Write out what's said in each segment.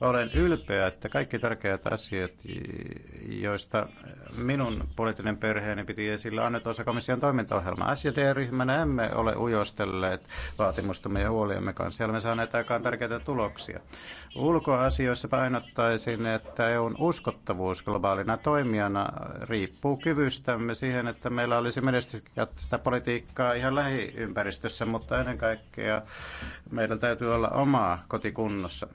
Olen ylpeä, että kaikki tärkeät asiat, joista minun poliittinen perheeni piti esillä osa komission toimintaohjelma. SJT-ryhmänä emme ole ujostelleet vaatimustamme ja huoliamme kanssa. Olemme saaneet aikaan tärkeitä tuloksia. Ulkoasioissa painottaisin, että EUn uskottavuus globaalina toimijana riippuu kyvystämme siihen, että meillä olisi menestyksekästä politiikkaa ihan lähiympäristössä, mutta ennen kaikkea meillä täytyy olla omaa kotikunnossa.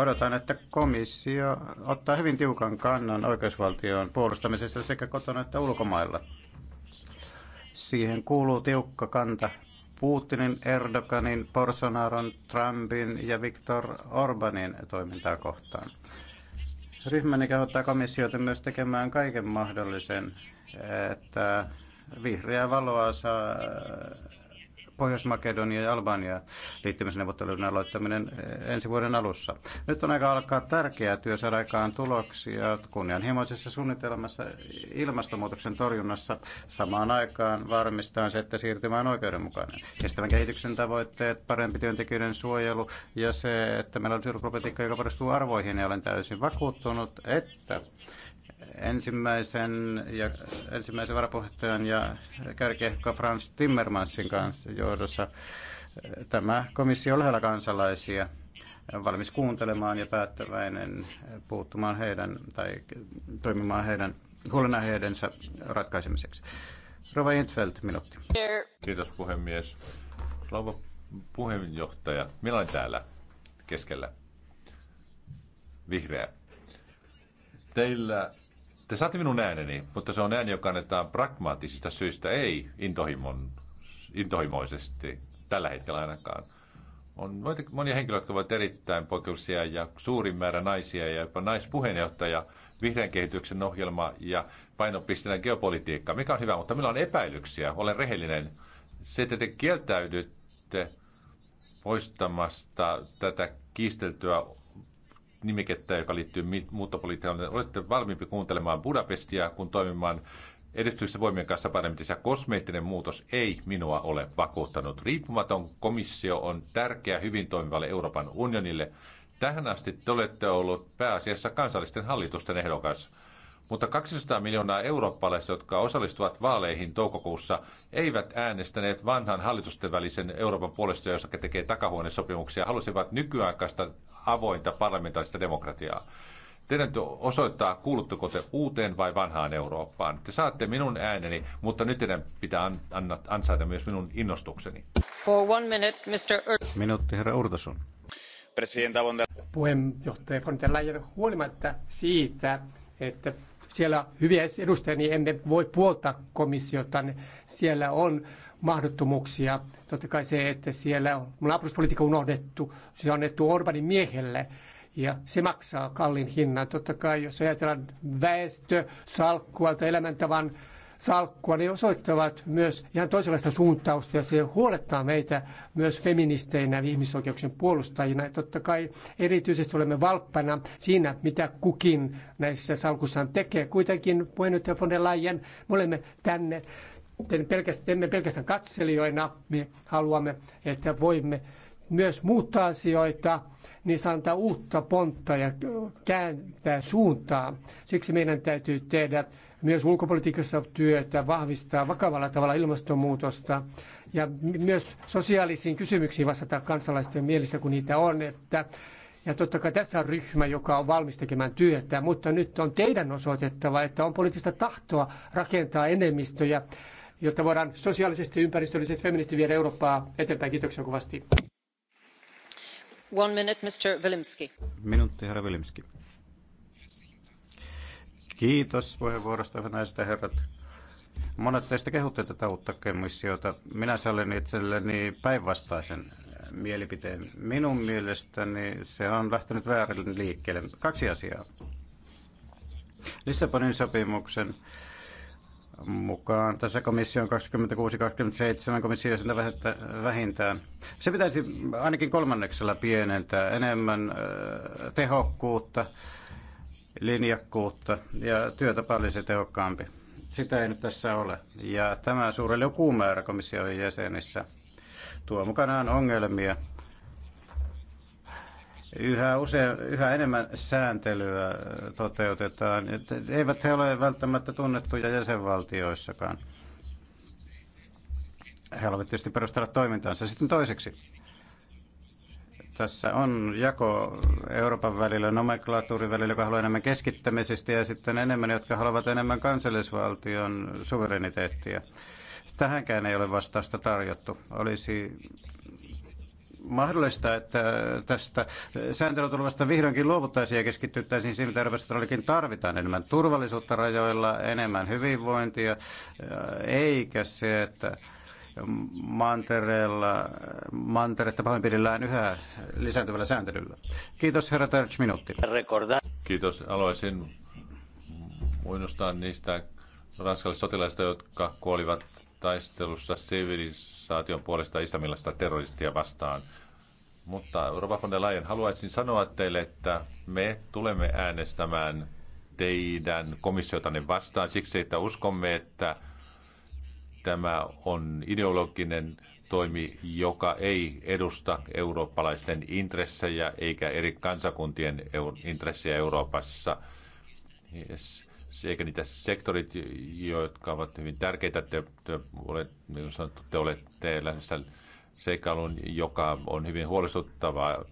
Odotan, että komissio ottaa hyvin tiukan kannan oikeusvaltion puolustamisessa sekä kotona että ulkomailla. Siihen kuuluu tiukka kanta Putinin, Erdoganin, Bolsonaron, Trumpin ja Viktor Orbanin toimintaa kohtaan. Ryhmäni kehottaa komissiota myös tekemään kaiken mahdollisen, että vihreää valoa saa Pohjois-Makedonia ja Albania liittymisneuvottelujen aloittaminen eh, ensi vuoden alussa. Nyt on aika alkaa tärkeää työ saada aikaan tuloksia kunnianhimoisessa suunnitelmassa ilmastonmuutoksen torjunnassa samaan aikaan varmistaa se, että siirtymä on oikeudenmukainen. Kestävän kehityksen tavoitteet, parempi työntekijöiden suojelu ja se, että meillä on syrjäpolitiikka, joka perustuu arvoihin ja olen täysin vakuuttunut, että ensimmäisen, ja, ensimmäisen varapuheenjohtajan ja kärkiehko Frans Timmermansin kanssa johdossa. Tämä komissio on lähellä kansalaisia, valmis kuuntelemaan ja päättäväinen puuttumaan heidän tai toimimaan heidän huolenaiheidensa ratkaisemiseksi. Rova Entfeld, minuutti. Kiitos puhemies. Rova puheenjohtaja, minä olen täällä keskellä. Vihreä. Teillä te saatte minun ääneni, mutta se on ääni, joka annetaan pragmaattisista syistä, ei intohimon, intohimoisesti, tällä hetkellä ainakaan. On monia henkilöitä, jotka ovat erittäin poikkeuksia ja suurin määrä naisia ja jopa naispuheenjohtaja, vihreän kehityksen ohjelma ja painopisteenä geopolitiikka, mikä on hyvä, mutta minulla on epäilyksiä, olen rehellinen. Se, että te kieltäydytte poistamasta tätä kiisteltyä nimikettä, joka liittyy muuttopolitiikkaan. Olette valmiimpi kuuntelemaan Budapestia kun toimimaan edistyksessä voimien kanssa paremmin, ja Kosmeettinen muutos ei minua ole vakuuttanut. Riippumaton komissio on tärkeä hyvin toimivalle Euroopan unionille. Tähän asti te olette ollut pääasiassa kansallisten hallitusten ehdokas. Mutta 200 miljoonaa eurooppalaista, jotka osallistuvat vaaleihin toukokuussa, eivät äänestäneet vanhan hallitusten välisen Euroopan puolesta, jossa tekee takahuonesopimuksia, halusivat nykyaikaista avointa parlamentaarista demokratiaa. Teidän osoittaa, kuulutteko te uuteen vai vanhaan Eurooppaan. Te saatte minun ääneni, mutta nyt teidän pitää ansaita myös minun innostukseni. For one minute, Mr. Ur- Minuutti, herra Urtasun. Puheenjohtaja von der Leyen, huolimatta siitä, että siellä hyviä edustajia, niin emme voi puoltaa komissiota. Niin siellä on mahdottomuuksia. Totta kai se, että siellä on naapuruspolitiikka unohdettu, se on annettu Orbanin miehelle ja se maksaa kallin hinnan. Totta kai jos ajatellaan väestö, salkkua tai elämäntavan salkkua, ne osoittavat myös ihan toisenlaista suuntausta ja se huolettaa meitä myös feministeinä ja ihmisoikeuksien puolustajina. Ja totta kai erityisesti olemme valppana siinä, mitä kukin näissä salkussaan tekee. Kuitenkin puheenjohtaja von der Leyen, me olemme tänne emme pelkästään katselijoina, me haluamme, että voimme myös muuttaa asioita, niin antaa uutta pontta ja kääntää suuntaa. Siksi meidän täytyy tehdä myös ulkopolitiikassa työtä, vahvistaa vakavalla tavalla ilmastonmuutosta ja myös sosiaalisiin kysymyksiin vastata kansalaisten mielissä, kun niitä on. Että, ja totta kai tässä on ryhmä, joka on valmis tekemään työtä, mutta nyt on teidän osoitettava, että on poliittista tahtoa rakentaa enemmistöjä jotta voidaan sosiaalisesti, ympäristöllisesti feministi viedä Eurooppaa eteenpäin. Kiitoksia kovasti. One minute, Mr. Vilimski. Minuutti, herra Vilimski. Kiitos puheenvuorosta, hyvät naiset ja herrat. Monet teistä kehutte tätä uutta komissiota. Minä sallin itselleni päinvastaisen mielipiteen. Minun mielestäni se on lähtenyt väärin liikkeelle. Kaksi asiaa. Lissabonin sopimuksen mukaan. Tässä komissio on 26-27 komission sitä vähintään. Se pitäisi ainakin kolmanneksella pienentää enemmän tehokkuutta, linjakkuutta ja työtapa olisi tehokkaampi. Sitä ei nyt tässä ole. Ja tämä suurelle lukumäärä komission jäsenissä tuo mukanaan ongelmia Yhä, usein, yhä enemmän sääntelyä toteutetaan. Eivät he ole välttämättä tunnettuja jäsenvaltioissakaan. He haluavat tietysti perustella toimintaansa. Sitten toiseksi, tässä on jako Euroopan välillä, nomenklatuurin välillä, joka haluaa enemmän keskittämisestä ja sitten enemmän, jotka haluavat enemmän kansallisvaltion suvereniteettia. Tähänkään ei ole vastausta tarjottu. Olisi mahdollista, että tästä sääntelytulvasta vihdoinkin luovuttaisiin ja keskityttäisiin siihen, mitä Euroopan tarvitaan. Enemmän turvallisuutta rajoilla, enemmän hyvinvointia, eikä se, että mantereella, manteretta pahoinpidellään yhä lisääntyvällä sääntelyllä. Kiitos herra Terch, minuutti. Kiitos. Haluaisin muistaa niistä ranskalaisista sotilaista, jotka kuolivat taistelussa sivilisaation puolesta islamilaista terroristia vastaan. Mutta Euroopan von der Leyen, haluaisin sanoa teille, että me tulemme äänestämään teidän komissiotanne vastaan siksi, että uskomme, että tämä on ideologinen toimi, joka ei edusta eurooppalaisten intressejä eikä eri kansakuntien intressejä Euroopassa. Yes eikä niitä sektorit, jotka ovat hyvin tärkeitä. Te, te, olette, niin sanottu, te olette lähdössä seikkailuun, joka on hyvin huolestuttavaa.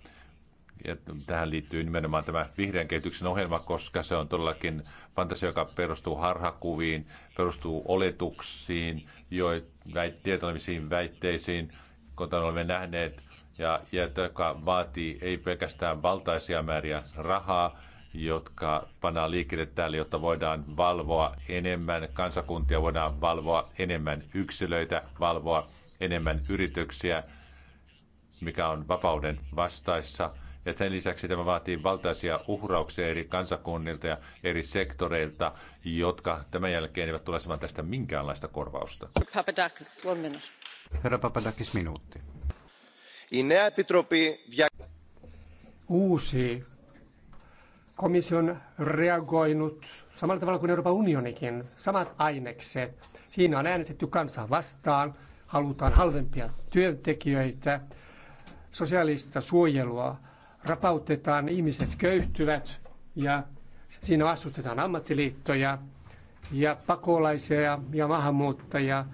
Ja tähän liittyy nimenomaan tämä vihreän kehityksen ohjelma, koska se on todellakin fantasia, joka perustuu harhakuviin, perustuu oletuksiin, jo väit, tietoisiin väitteisiin, kuten olemme nähneet, ja, ja joka vaatii ei pelkästään valtaisia määriä rahaa, jotka pannaan liikkeelle täällä, jotta voidaan valvoa enemmän kansakuntia, voidaan valvoa enemmän yksilöitä, valvoa enemmän yrityksiä, mikä on vapauden vastaissa. Ja sen lisäksi tämä vaatii valtaisia uhrauksia eri kansakunnilta ja eri sektoreilta, jotka tämän jälkeen eivät tule saamaan tästä minkäänlaista korvausta. Papadakis, one minute. Herra Papadakis, minuutti. Uusi komission reagoinut samalla tavalla kuin Euroopan unionikin, samat ainekset. Siinä on äänestetty kansaa vastaan, halutaan halvempia työntekijöitä, sosiaalista suojelua rapautetaan, ihmiset köyhtyvät ja siinä vastustetaan ammattiliittoja ja pakolaisia ja, ja maahanmuuttajia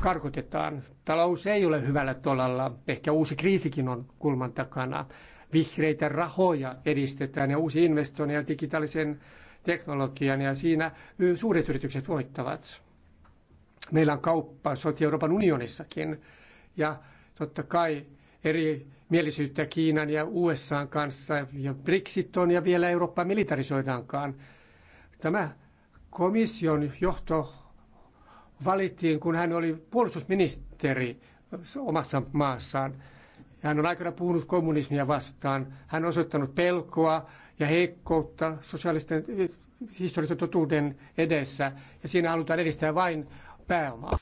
karkotetaan. Talous ei ole hyvällä tolalla, ehkä uusi kriisikin on kulman takana vihreitä rahoja edistetään ja uusi investointeja digitaalisen teknologian ja siinä suuret yritykset voittavat. Meillä on kauppa soti Euroopan unionissakin ja totta kai eri mielisyyttä Kiinan ja USAn kanssa ja Brexit on ja vielä Eurooppa militarisoidaankaan. Tämä komission johto valittiin, kun hän oli puolustusministeri omassa maassaan. Hän on aikana puhunut kommunismia vastaan. Hän on osoittanut pelkoa ja heikkoutta sosiaalisten historiallisten totuuden edessä. Ja siinä halutaan edistää vain pääomaa.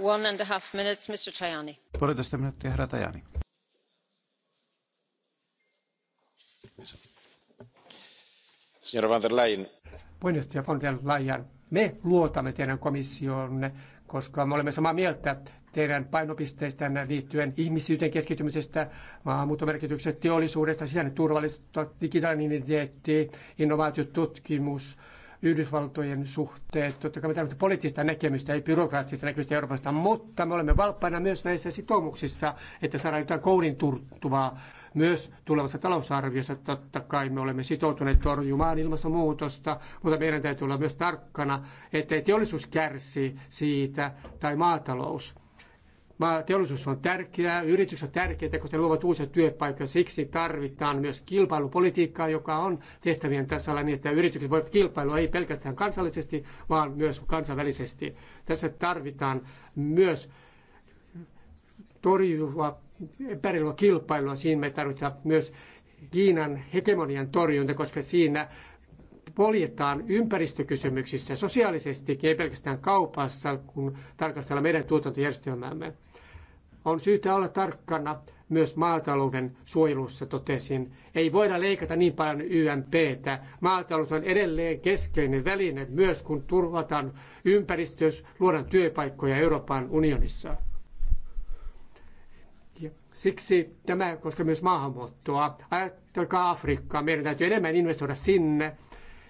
One and a half minutes, Mr. Tajani. Puolitoista minuuttia, herra Tajani. Signora van der Leyen. Puheenjohtaja von der Leyen, me luotamme teidän komissioonne, koska me olemme samaa mieltä teidän painopisteistänne liittyen ihmisyyteen keskittymisestä, maahanmuuttomerkitykset teollisuudesta, sisäinen turvallisuus, digitaalinen identiteetti, innovaatiotutkimus, Yhdysvaltojen suhteet. Totta kai me tarvitsemme poliittista näkemystä, ei byrokraattista näkemystä Euroopasta, mutta me olemme valppaina myös näissä sitoumuksissa, että saadaan jotain koulin turtuvaa myös tulevassa talousarviossa. Totta kai me olemme sitoutuneet torjumaan ilmastonmuutosta, mutta meidän täytyy olla myös tarkkana, ettei teollisuus kärsi siitä tai maatalous teollisuus on tärkeää, yritykset ovat tärkeitä, koska ne luovat uusia työpaikkoja. Siksi tarvitaan myös kilpailupolitiikkaa, joka on tehtävien tasalla niin, että yritykset voivat kilpailua ei pelkästään kansallisesti, vaan myös kansainvälisesti. Tässä tarvitaan myös torjuvaa epäreilua kilpailua. Siinä me tarvitaan myös Kiinan hegemonian torjunta, koska siinä poljetaan ympäristökysymyksissä sosiaalisesti, ei pelkästään kaupassa, kun tarkastellaan meidän tuotantojärjestelmäämme on syytä olla tarkkana myös maatalouden suojelussa, totesin. Ei voida leikata niin paljon YMPtä. Maatalous on edelleen keskeinen väline myös, kun turvataan ympäristöä, luodaan työpaikkoja Euroopan unionissa. Ja siksi tämä koskee myös maahanmuuttoa. Ajatelkaa Afrikkaa, meidän täytyy enemmän investoida sinne.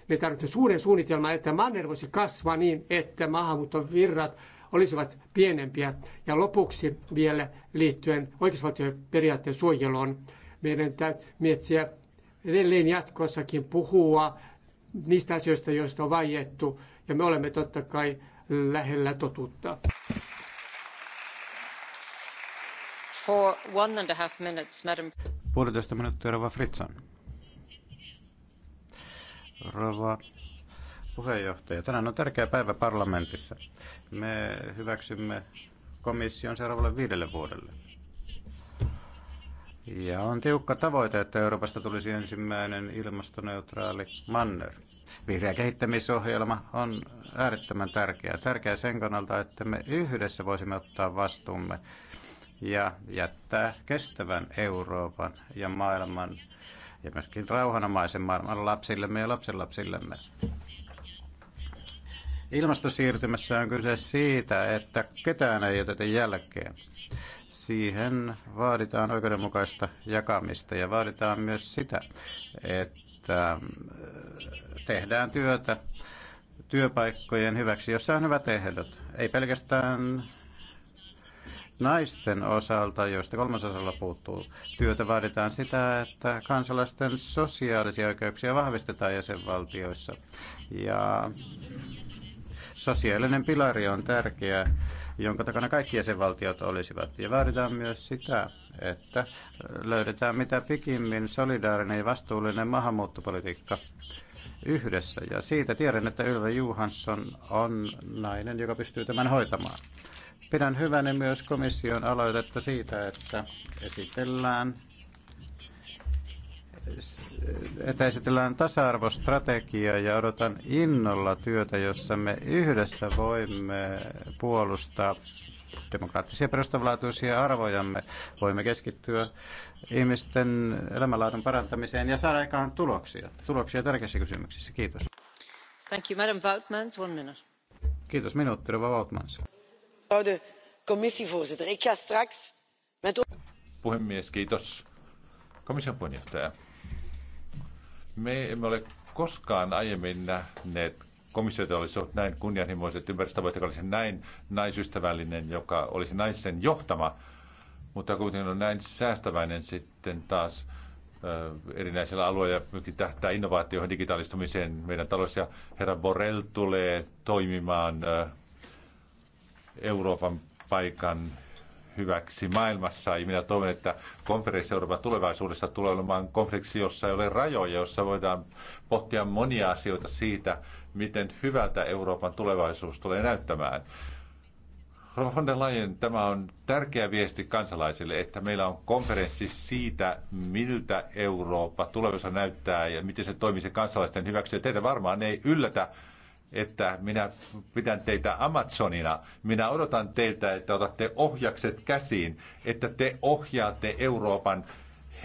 Me tarvitsemme suuren suunnitelman, että manner voisi kasvaa niin, että maahanmuuttovirrat virrat olisivat pienempiä. Ja lopuksi vielä liittyen oikeusvaltioperiaatteen suojeluun, meidän täytyy miettiä edelleen jatkossakin puhua niistä asioista, joista on vaiettu, ja me olemme totta kai lähellä totuutta. For one and a half minutes, madam. Puolitoista minuuttia, Rova Fritsan. Rova puheenjohtaja. Tänään on tärkeä päivä parlamentissa. Me hyväksymme komission seuraavalle viidelle vuodelle. Ja on tiukka tavoite, että Euroopasta tulisi ensimmäinen ilmastoneutraali manner. Vihreä kehittämisohjelma on äärettömän tärkeä. Tärkeä sen kannalta, että me yhdessä voisimme ottaa vastuumme ja jättää kestävän Euroopan ja maailman ja myöskin rauhanomaisen maailman lapsillemme ja lapsenlapsillemme. Ilmastosiirtymässä on kyse siitä, että ketään ei jätetä jälkeen. Siihen vaaditaan oikeudenmukaista jakamista ja vaaditaan myös sitä, että mm, tehdään työtä työpaikkojen hyväksi, jossa on hyvät ehdot. Ei pelkästään naisten osalta, joista kolmasosalla puuttuu työtä, vaaditaan sitä, että kansalaisten sosiaalisia oikeuksia vahvistetaan jäsenvaltioissa. Ja Sosiaalinen pilari on tärkeä, jonka takana kaikki jäsenvaltiot olisivat. Ja vaaditaan myös sitä, että löydetään mitä pikimmin solidaarinen ja vastuullinen maahanmuuttopolitiikka yhdessä. Ja siitä tiedän, että Ylva Johansson on nainen, joka pystyy tämän hoitamaan. Pidän hyvänä myös komission aloitetta siitä, että esitellään että esitellään tasa-arvostrategia ja odotan innolla työtä, jossa me yhdessä voimme puolustaa demokraattisia perustavanlaatuisia arvojamme. Voimme keskittyä ihmisten elämänlaadun parantamiseen ja saada aikaan tuloksia. Tuloksia tärkeissä kysymyksissä. Kiitos. Thank you, Madam Woutmans. One minute. Kiitos. Minuutti, Rova Woutmans. Puhemies, kiitos. Komission puheenjohtaja. Me emme ole koskaan aiemmin nähneet komissioita olisi ollut näin kunnianhimoiset ympäristötavoitteet, olisi näin naisystävällinen, joka olisi naisen johtama, mutta kuitenkin on näin säästäväinen sitten taas erinäisillä alueilla, myöskin tähtää innovaatioihin, digitaalistumiseen meidän ja Herra Borrell tulee toimimaan Euroopan paikan hyväksi maailmassa. Ja minä toivon, että konferenssi Euroopan tulevaisuudessa tulee olemaan konferenssi, jossa ei ole rajoja, jossa voidaan pohtia monia asioita siitä, miten hyvältä Euroopan tulevaisuus tulee näyttämään. Von der Leyen, tämä on tärkeä viesti kansalaisille, että meillä on konferenssi siitä, miltä Eurooppa tulevaisuudessa näyttää ja miten se toimii se kansalaisten hyväksi. Ja teitä varmaan ei yllätä, että minä pidän teitä Amazonina. Minä odotan teiltä, että otatte ohjakset käsiin, että te ohjaatte Euroopan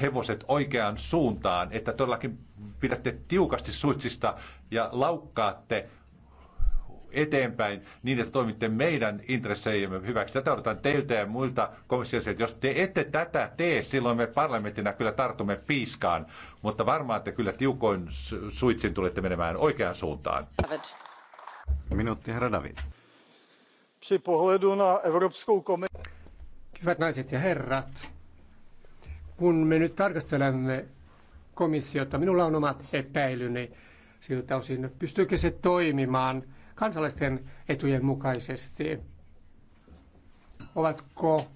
hevoset oikeaan suuntaan, että todellakin pidätte tiukasti suitsista ja laukkaatte eteenpäin niin, että toimitte meidän intresseijämme hyväksi. Tätä odotan teiltä ja muilta että Jos te ette tätä tee, silloin me parlamenttina kyllä tartumme piiskaan, mutta varmaan te kyllä tiukoin suitsin tulette menemään oikeaan suuntaan na Hyvät naiset ja herrat, kun me nyt tarkastelemme komissiota, minulla on omat epäilyni siltä osin, pystyykö se toimimaan kansalaisten etujen mukaisesti. Ovatko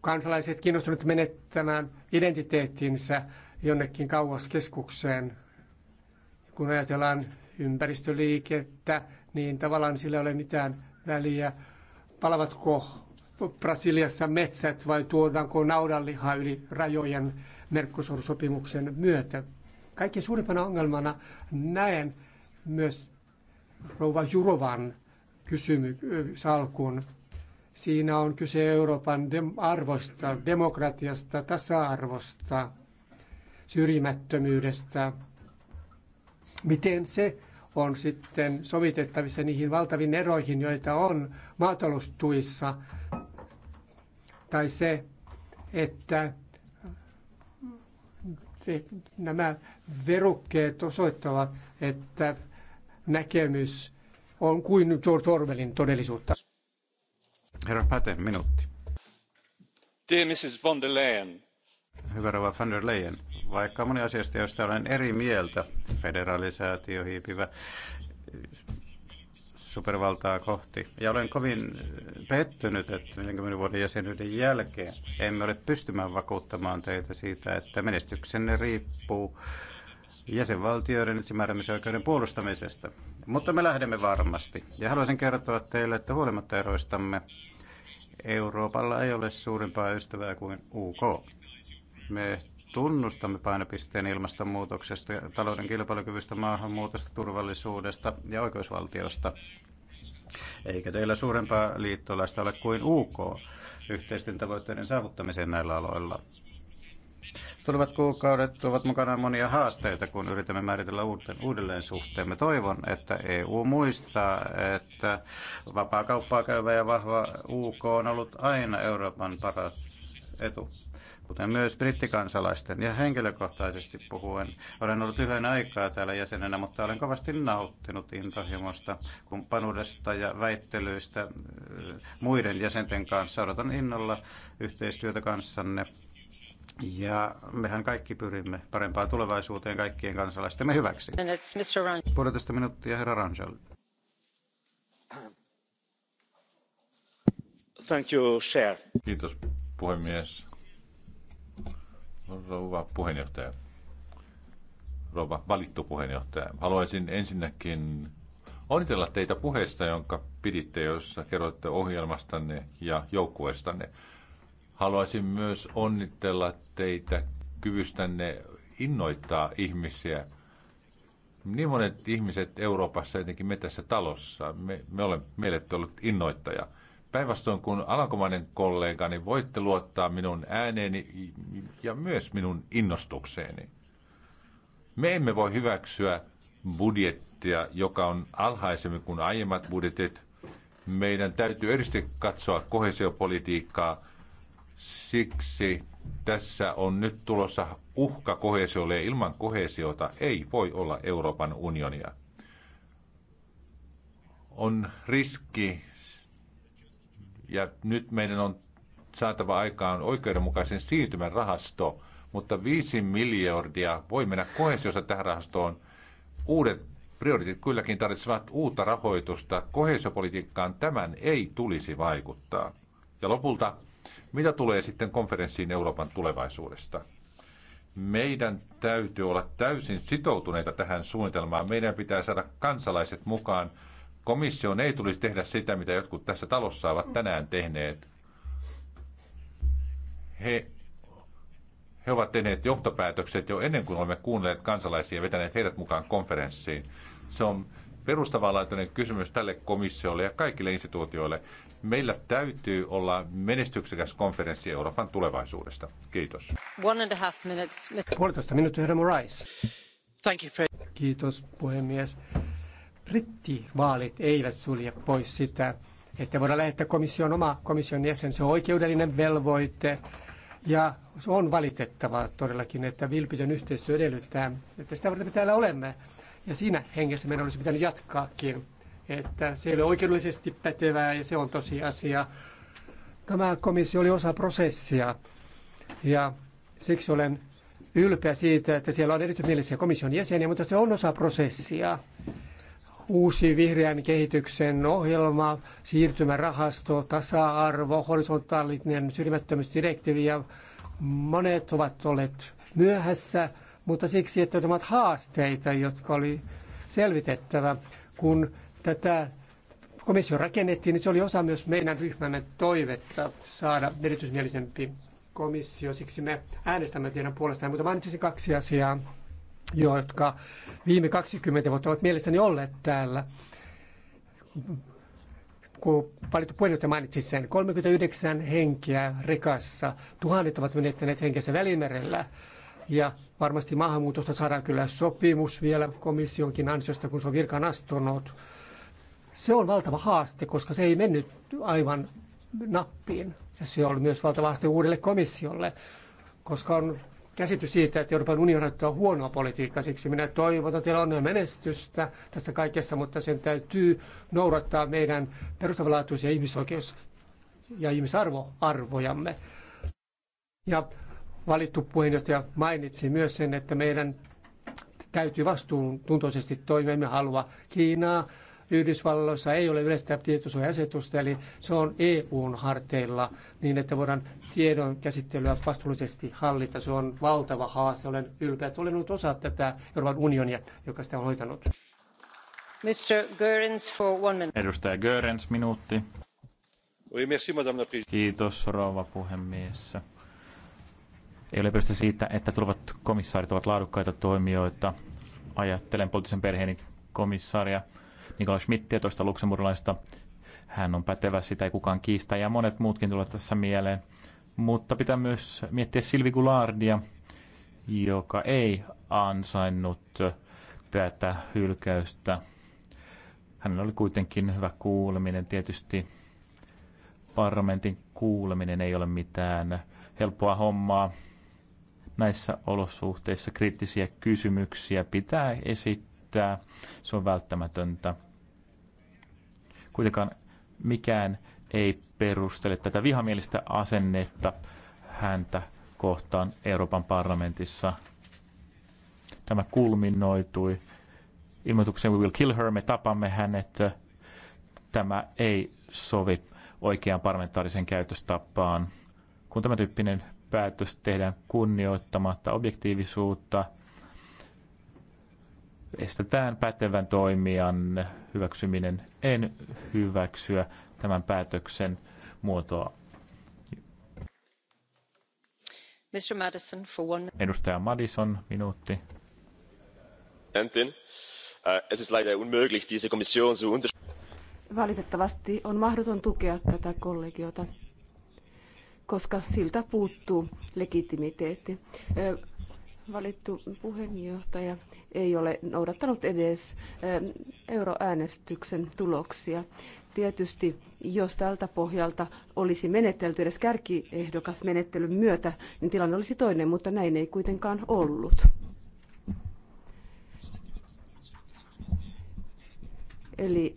kansalaiset kiinnostuneet menettämään identiteettinsä jonnekin kauas keskukseen, kun ajatellaan ympäristöliikettä, niin tavallaan sillä ei ole mitään väliä, palavatko Brasiliassa metsät vai tuodaanko naudanlihaa yli rajojen Mercosur-sopimuksen myötä. Kaikkein suurimpana ongelmana näen myös rouva Jurovan kysymysalkun. Siinä on kyse Euroopan dem- arvosta, demokratiasta, tasa-arvosta, syrjimättömyydestä. Miten se on sitten sovitettavissa niihin valtaviin eroihin, joita on maataloustuissa, tai se, että nämä verukkeet osoittavat, että näkemys on kuin George Orwellin todellisuutta. Herra Päte, minuutti. Dear Mrs. von der Leyen. Hyvä rouva von der Leyen vaikka moni asiasta, josta olen eri mieltä, federalisaatio hiipivä supervaltaa kohti. Ja olen kovin pettynyt, että 40 vuoden jäsenyyden jälkeen emme ole pystymään vakuuttamaan teitä siitä, että menestyksenne riippuu jäsenvaltioiden itsemääräämisoikeuden puolustamisesta. Mutta me lähdemme varmasti. Ja haluaisin kertoa teille, että huolimatta eroistamme Euroopalla ei ole suurempaa ystävää kuin UK. Me tunnustamme painopisteen ilmastonmuutoksesta, talouden kilpailukyvystä, maahanmuutosta, turvallisuudesta ja oikeusvaltiosta. Eikä teillä suurempaa liittolaista ole kuin UK yhteisten tavoitteiden saavuttamiseen näillä aloilla. Tulevat kuukaudet tuovat mukana monia haasteita, kun yritämme määritellä uuden, uudelleen suhteemme. Toivon, että EU muistaa, että vapaa kauppaa käyvä ja vahva UK on ollut aina Euroopan paras etu kuten myös brittikansalaisten. Ja henkilökohtaisesti puhuen, olen ollut lyhyen aikaa täällä jäsenenä, mutta olen kovasti nauttinut intohimosta, kumppanuudesta ja väittelyistä äh, muiden jäsenten kanssa. Odotan innolla yhteistyötä kanssanne. Ja mehän kaikki pyrimme parempaan tulevaisuuteen kaikkien kansalaistemme hyväksi. Puolitoista minuuttia, herra Rangel. Thank you, Kiitos, puhemies rouva puheenjohtaja, rouva valittu puheenjohtaja. Haluaisin ensinnäkin onnitella teitä puheesta, jonka piditte, jossa kerroitte ohjelmastanne ja joukkueestanne. Haluaisin myös onnitella teitä kyvystänne innoittaa ihmisiä. Niin monet ihmiset Euroopassa, etenkin me tässä talossa, me, me olemme, meille olleet innoittajia. Päinvastoin kuin alankomainen kollegani, niin voitte luottaa minun ääneeni ja myös minun innostukseeni. Me emme voi hyväksyä budjettia, joka on alhaisemmin kuin aiemmat budjetit. Meidän täytyy erityisesti katsoa kohesiopolitiikkaa. Siksi tässä on nyt tulossa uhka kohesiolle ja ilman kohesiota ei voi olla Euroopan unionia. On riski ja nyt meidän on saatava aikaan oikeudenmukaisen siirtymän rahasto, mutta 5 miljardia voi mennä kohesiossa tähän rahastoon. Uudet prioriteetit kylläkin tarvitsevat uutta rahoitusta. Kohesiopolitiikkaan tämän ei tulisi vaikuttaa. Ja lopulta, mitä tulee sitten konferenssiin Euroopan tulevaisuudesta? Meidän täytyy olla täysin sitoutuneita tähän suunnitelmaan. Meidän pitää saada kansalaiset mukaan Komission ei tulisi tehdä sitä, mitä jotkut tässä talossa ovat tänään tehneet. He, he ovat tehneet johtopäätökset jo ennen kuin olemme kuunnelleet kansalaisia ja vetäneet heidät mukaan konferenssiin. Se on perustavanlaatuinen kysymys tälle komissiolle ja kaikille instituutioille. Meillä täytyy olla menestyksekäs konferenssi Euroopan tulevaisuudesta. Kiitos. One and a half minutes. Puolitoista minuuttia, herra Morais. Thank you, Kiitos, puhemies brittivaalit eivät sulje pois sitä, että voidaan lähettää komission oma komission jäsen. Se on oikeudellinen velvoite ja se on valitettavaa todellakin, että vilpitön yhteistyö edellyttää, että sitä varten me täällä olemme. Ja siinä hengessä meidän olisi pitänyt jatkaakin, että se ei ole oikeudellisesti pätevää ja se on tosi asia. Tämä komissio oli osa prosessia ja siksi olen ylpeä siitä, että siellä on erityismielisiä komission jäseniä, mutta se on osa prosessia uusi vihreän kehityksen ohjelma, siirtymärahasto, tasa-arvo, horisontaalinen syrjimättömyysdirektiivi ja monet ovat olleet myöhässä, mutta siksi, että ovat haasteita, jotka oli selvitettävä. Kun tätä komissio rakennettiin, niin se oli osa myös meidän ryhmämme toivetta saada erityismielisempi komissio. Siksi me äänestämme teidän puolestaan, mutta mainitsisin kaksi asiaa jotka viime 20 vuotta ovat mielestäni olleet täällä. Kun valittu puheenjohtaja mainitsi sen, 39 henkeä rekassa, tuhannet ovat menettäneet henkensä välimerellä. Ja varmasti maahanmuutosta saadaan kyllä sopimus vielä komissionkin ansiosta, kun se on virkaan astunut. Se on valtava haaste, koska se ei mennyt aivan nappiin. Ja se on myös valtava haaste uudelle komissiolle, koska on käsitys siitä, että Euroopan unioni harjoittaa huonoa politiikkaa. Siksi minä että teillä on menestystä tässä kaikessa, mutta sen täytyy noudattaa meidän perustavanlaatuisia ihmisoikeus- ja ihmisarvoarvojamme. Ja valittu puheenjohtaja mainitsi myös sen, että meidän täytyy vastuuntuntoisesti toimia. Me halua Kiinaa, Yhdysvalloissa ei ole yleistä tietosuoja-asetusta, eli se on EUn harteilla niin, että voidaan tiedon käsittelyä vastuullisesti hallita. Se on valtava haaste. Olen ylpeä, että olen ollut osa tätä Euroopan unionia, joka sitä on hoitanut. Mr. Görens for one minute. Edustaja Görens, minuutti. Kiitos, rouva puhemies. Ei ole pystyä siitä, että tulevat komissaarit ovat laadukkaita toimijoita. Ajattelen poliittisen perheeni komissaaria, Nikola Schmittiä, toista luksemburilaista. Hän on pätevä, sitä ei kukaan kiistä ja monet muutkin tulevat tässä mieleen. Mutta pitää myös miettiä Silvi Goulardia, joka ei ansainnut tätä hylkäystä. Hänellä oli kuitenkin hyvä kuuleminen. Tietysti parlamentin kuuleminen ei ole mitään helppoa hommaa. Näissä olosuhteissa kriittisiä kysymyksiä pitää esittää. Se on välttämätöntä. Kuitenkaan mikään ei perustele tätä vihamielistä asennetta häntä kohtaan Euroopan parlamentissa. Tämä kulminoitui ilmoituksen We will kill her, me tapamme hänet. Tämä ei sovi oikeaan parlamentaarisen käytöstapaan. Kun tämä tyyppinen päätös tehdään kunnioittamatta objektiivisuutta – estetään pätevän toimijan hyväksyminen. En hyväksyä tämän päätöksen muotoa. Mr. Madison, for one... Edustaja Madison, minuutti. Entin. Äh, Valitettavasti on mahdoton tukea tätä kollegiota, koska siltä puuttuu legitimiteetti valittu puheenjohtaja ei ole noudattanut edes ähm, euroäänestyksen tuloksia. Tietysti jos tältä pohjalta olisi menetelty edes kärkiehdokasmenettelyn myötä, niin tilanne olisi toinen, mutta näin ei kuitenkaan ollut. Eli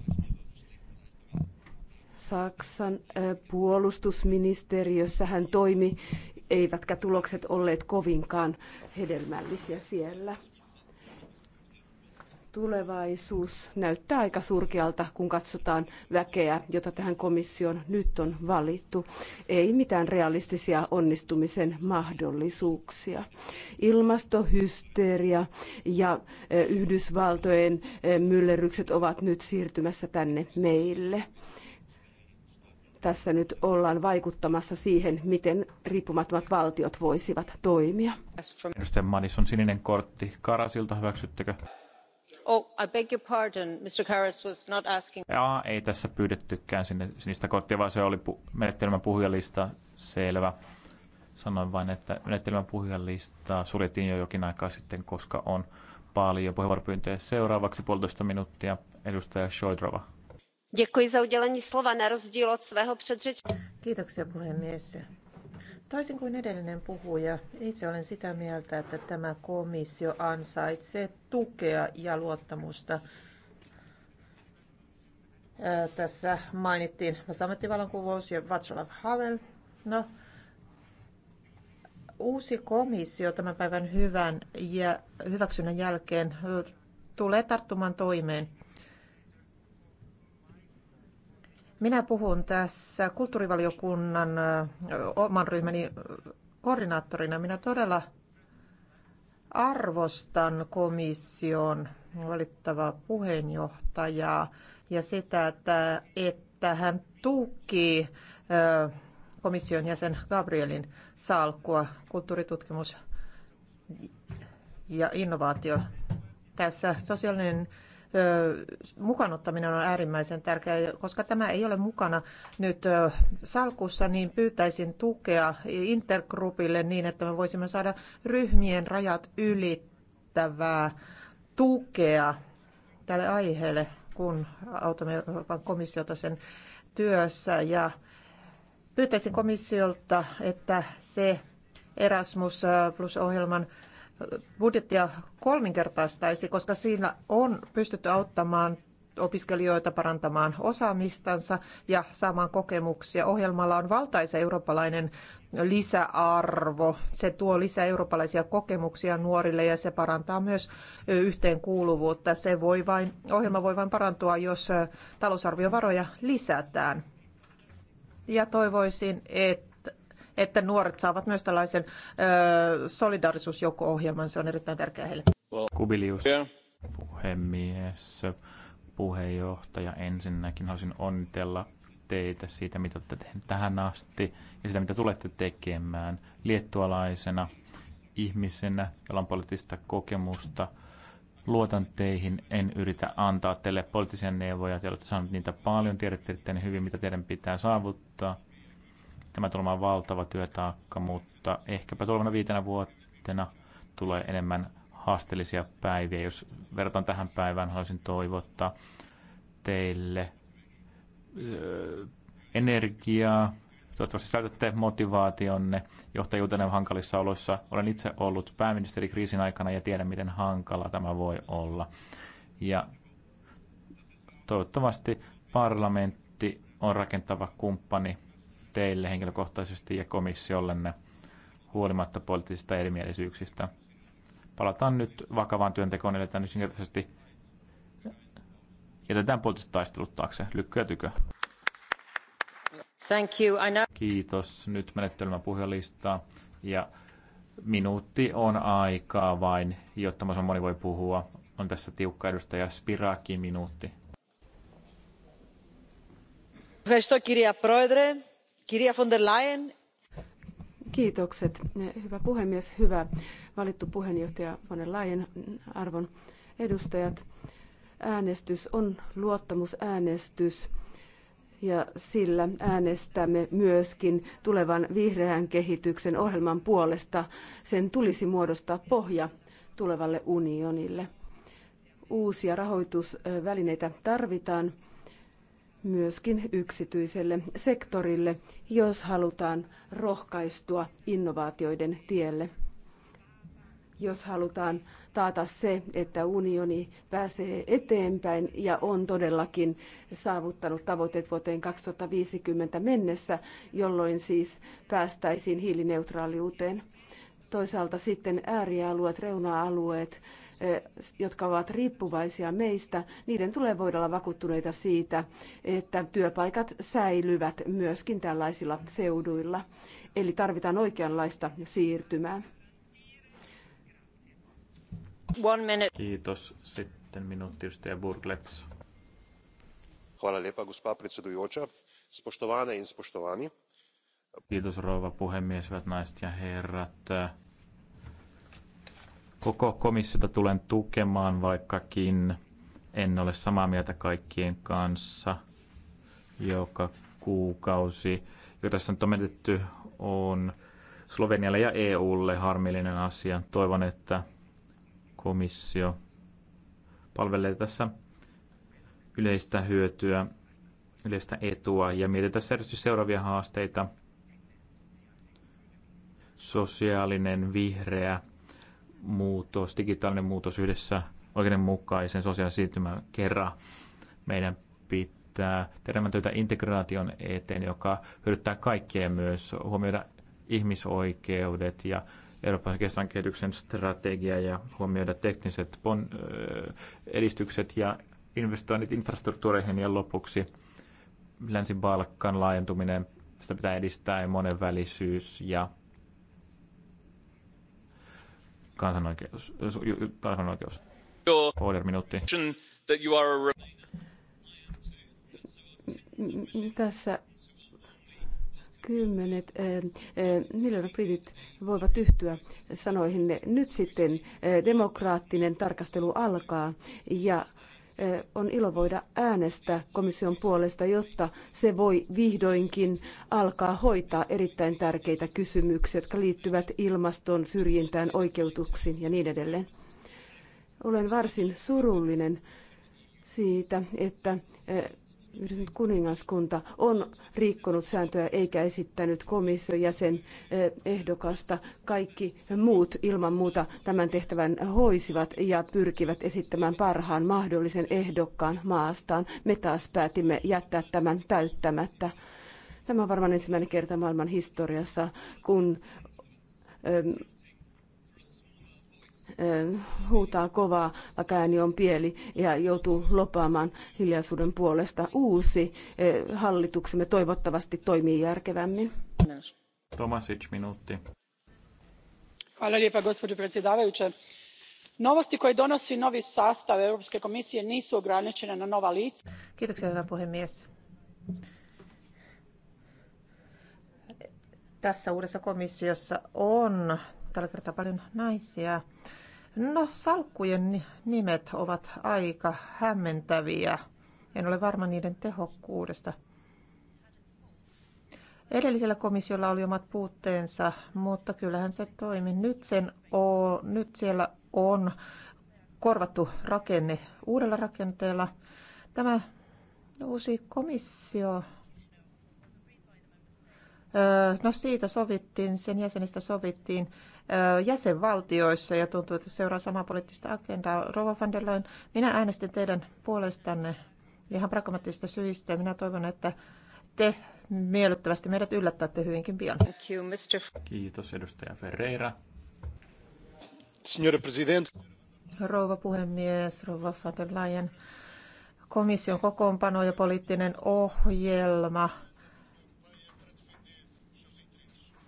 Saksan äh, puolustusministeriössä hän toimi eivätkä tulokset olleet kovinkaan hedelmällisiä siellä. Tulevaisuus näyttää aika surkealta, kun katsotaan väkeä, jota tähän komission nyt on valittu. Ei mitään realistisia onnistumisen mahdollisuuksia. Ilmastohysteria ja eh, Yhdysvaltojen eh, myllerrykset ovat nyt siirtymässä tänne meille tässä nyt ollaan vaikuttamassa siihen, miten riippumattomat valtiot voisivat toimia. Edustaja on sininen kortti. Karasilta, hyväksyttekö? Oh, I beg your pardon. Mr. Karas was not asking. Ja, ei tässä pyydettykään sinne sinistä korttia, vaan se oli pu- menettelmän puhujalista. Selvä. Sanoin vain, että menettelmän puhujalista suljettiin jo jokin aikaa sitten, koska on paljon puheenvuoropyyntöjä. Seuraavaksi puolitoista minuuttia edustaja Shoidrova na rozdíl od svého předřečníka. puhemies. Toisin kuin edellinen puhuja, itse olen sitä mieltä, että tämä komissio ansaitsee tukea ja luottamusta. Tässä mainittiin samettivallankumous ja vaclav Havel. No, uusi komissio tämän päivän hyvän ja hyväksynnän jälkeen tulee tarttumaan toimeen Minä puhun tässä kulttuurivaliokunnan oman ryhmäni koordinaattorina. Minä todella arvostan komission valittavaa puheenjohtajaa ja sitä, että, että hän tuki komission jäsen Gabrielin salkkua kulttuuritutkimus ja innovaatio. Tässä sosiaalinen mukanottaminen on äärimmäisen tärkeää. Koska tämä ei ole mukana nyt salkussa, niin pyytäisin tukea Intergroupille niin, että me voisimme saada ryhmien rajat ylittävää tukea tälle aiheelle, kun autamme Euroopan komissiota sen työssä. Ja pyytäisin komissiolta, että se Erasmus Plus-ohjelman budjettia kolminkertaistaisi, koska siinä on pystytty auttamaan opiskelijoita parantamaan osaamistansa ja saamaan kokemuksia. Ohjelmalla on valtaisa eurooppalainen lisäarvo. Se tuo lisää eurooppalaisia kokemuksia nuorille ja se parantaa myös yhteenkuuluvuutta. Se voi vain, ohjelma voi vain parantua, jos talousarviovaroja lisätään. Ja toivoisin, että että nuoret saavat myös tällaisen solidaarisuusjoukko ohjelman Se on erittäin tärkeää heille. Kubilius, puhemies, puheenjohtaja. Ensinnäkin haluaisin onnitella teitä siitä, mitä olette tehneet tähän asti ja sitä, mitä tulette tekemään liettualaisena ihmisenä, jolla on poliittista kokemusta. Luotan teihin, en yritä antaa teille poliittisia neuvoja. Te olette saaneet niitä paljon, tiedätte erittäin hyvin, mitä teidän pitää saavuttaa. Tämä tulee olemaan valtava työtaakka, mutta ehkäpä tulevana viitenä vuotena tulee enemmän haasteellisia päiviä. Jos verrataan tähän päivään, haluaisin toivottaa teille energiaa, toivottavasti säytätte motivaationne johtajuutenne hankalissa oloissa. Olen itse ollut pääministeri kriisin aikana ja tiedän, miten hankala tämä voi olla. Ja toivottavasti parlamentti on rakentava kumppani teille henkilökohtaisesti ja komissiollenne huolimatta poliittisista erimielisyyksistä. Palataan nyt vakavaan työntekoon, tämän yksinkertaisesti jätetään poliittiset taistelut taakse. Lykkyä tykö. Thank you. I know... Kiitos. Nyt menettelymä puhujalistaa. Ja minuutti on aikaa vain, jotta mahdollisimman moni voi puhua. On tässä tiukka edustaja Spiraki minuutti. Ευχαριστώ kirja Proedre. Kirja Kiitokset, hyvä puhemies, hyvä valittu puheenjohtaja von der Leyen, arvon edustajat. Äänestys on luottamusäänestys ja sillä äänestämme myöskin tulevan vihreän kehityksen ohjelman puolesta. Sen tulisi muodostaa pohja tulevalle unionille. Uusia rahoitusvälineitä tarvitaan myöskin yksityiselle sektorille, jos halutaan rohkaistua innovaatioiden tielle. Jos halutaan taata se, että unioni pääsee eteenpäin ja on todellakin saavuttanut tavoitteet vuoteen 2050 mennessä, jolloin siis päästäisiin hiilineutraaliuteen. Toisaalta sitten äärialueet, reuna-alueet, jotka ovat riippuvaisia meistä, niiden tulee voida olla vakuuttuneita siitä, että työpaikat säilyvät myöskin tällaisilla seuduilla. Eli tarvitaan oikeanlaista siirtymää. One minute. Kiitos. Sitten minuutti edustaja Burglets. Hvala lepa, gospa predsedujoča. Spoštovane in spoštovani. Kiitos rouva puhemies, hyvät naiset ja herrat Koko komissiota tulen tukemaan, vaikkakin en ole samaa mieltä kaikkien kanssa joka kuukausi. Jo tässä nyt on menetetty on Slovenialle ja EUlle harmillinen asia. Toivon, että komissio palvelee tässä yleistä hyötyä, yleistä etua ja mietitään tässä seuraavia haasteita. Sosiaalinen, vihreä muutos, digitaalinen muutos yhdessä oikeudenmukaisen sosiaalisen siirtymän kerran. Meidän pitää tehdä töitä integraation eteen, joka hyödyttää kaikkia myös huomioida ihmisoikeudet ja Euroopan kestävän kehityksen strategia ja huomioida tekniset pon, edistykset ja investoinnit infrastruktuureihin ja lopuksi Länsi-Balkan laajentuminen, sitä pitää edistää ja monenvälisyys ja kansanoikeus. kansanoikeus. Order minuutti. Tässä kymmenet eh, eh, miljoonat britit voivat yhtyä sanoihin. Nyt sitten eh, demokraattinen tarkastelu alkaa ja on ilo voida äänestää komission puolesta, jotta se voi vihdoinkin alkaa hoitaa erittäin tärkeitä kysymyksiä, jotka liittyvät ilmaston syrjintään, oikeutuksiin ja niin edelleen. Olen varsin surullinen siitä, että Yhdistynyt kuningaskunta on rikkonut sääntöjä eikä esittänyt komission jäsen eh, ehdokasta. Kaikki muut ilman muuta tämän tehtävän hoisivat ja pyrkivät esittämään parhaan mahdollisen ehdokkaan maastaan. Me taas päätimme jättää tämän täyttämättä. Tämä on varmaan ensimmäinen kerta maailman historiassa, kun eh, huutaa kovaa, vaikka ääni on pieli ja joutuu lopaamaan hiljaisuuden puolesta. Uusi hallituksemme toivottavasti toimii järkevämmin. Tomasic, minuutti. Hvala lijepa, gospođo predsjedavajuće. Novosti koje donosi novi sastav Europske komisije nisu ograničene na nova lica. Kiitoksia, hyvä puhemies. Tässä uudessa komissiossa on tällä kertaa paljon naisia. No, salkkujen nimet ovat aika hämmentäviä. En ole varma niiden tehokkuudesta. Edellisellä komissiolla oli omat puutteensa, mutta kyllähän se toimi. Nyt, sen on, nyt siellä on korvattu rakenne uudella rakenteella. Tämä uusi komissio, no siitä sovittiin, sen jäsenistä sovittiin jäsenvaltioissa ja tuntuu, että seuraa samaa poliittista agendaa. Rova van der Leyen, minä äänestin teidän puolestanne ihan pragmaattisista syistä. Minä toivon, että te miellyttävästi meidät yllättäätte hyvinkin pian. Kiitos edustaja Ferreira. Signore President. Rouva puhemies, rouva van der Leyen. Komission kokoonpano ja poliittinen ohjelma.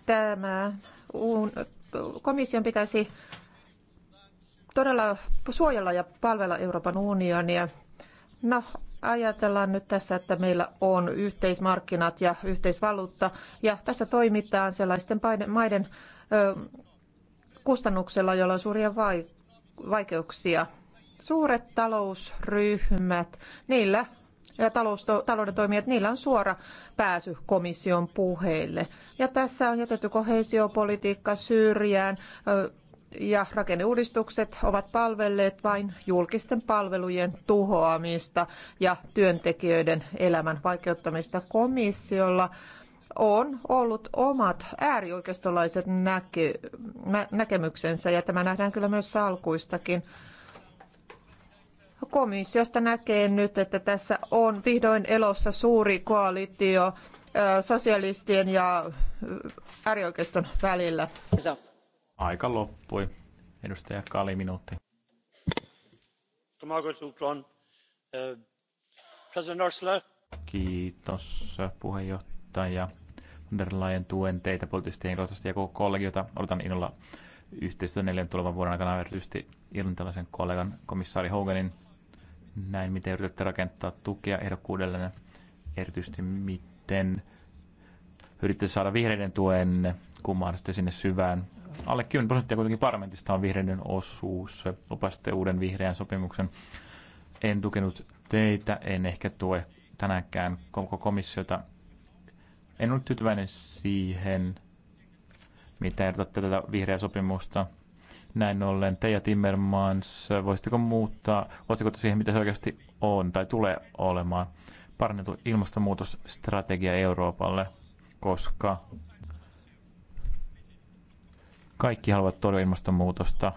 Tämä komission pitäisi todella suojella ja palvella Euroopan unionia. No, ajatellaan nyt tässä, että meillä on yhteismarkkinat ja yhteisvaluutta, ja tässä toimitaan sellaisten maiden kustannuksella, joilla on suuria vaikeuksia. Suuret talousryhmät, niillä ja talouden toimijat, niillä on suora pääsy komission puheille. Ja tässä on jätetty kohesiopolitiikka syrjään ja rakenneuudistukset ovat palvelleet vain julkisten palvelujen tuhoamista ja työntekijöiden elämän vaikeuttamista komissiolla on ollut omat äärioikeistolaiset näke, nä, näkemyksensä ja tämä nähdään kyllä myös salkuistakin komissiosta näkee nyt, että tässä on vihdoin elossa suuri koalitio sosialistien ja äärioikeiston välillä. Aika loppui. Edustaja Kali, minuutti. Kiitos puheenjohtaja. Von der Leyen tuen teitä poliittisesti henkilökohtaisesti ja koko kollegiota. Odotan innolla yhteistyötä neljän tulevan vuoden aikana erityisesti irlantilaisen kollegan komissaari Hoganin näin, miten yritätte rakentaa tukea ehdokkuudellenne, erityisesti miten yritätte saada vihreiden tuen, kun mahdollisesti sinne syvään. Alle 10 prosenttia kuitenkin parlamentista on vihreiden osuus. Lupasitte uuden vihreän sopimuksen. En tukenut teitä, en ehkä tue tänäänkään koko komissiota. En ole tyytyväinen siihen, mitä ehdotatte tätä vihreää sopimusta – näin ollen te ja Timmermans, voisitteko muuttaa otsikota siihen, mitä se oikeasti on tai tulee olemaan? Parannettu ilmastonmuutosstrategia Euroopalle, koska kaikki haluavat torjua ilmastonmuutosta.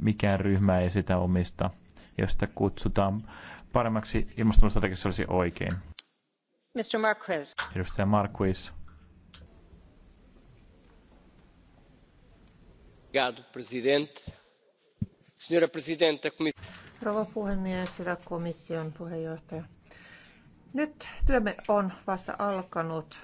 Mikään ryhmä ei sitä omista. Jos sitä kutsutaan paremmaksi ilmastonmuutosstrategiaksi, olisi oikein. Mr. Marquis. Edustaja Marquis. rouva puhemies hyvä komission puheenjohtaja nyt työmme on vasta alkanut.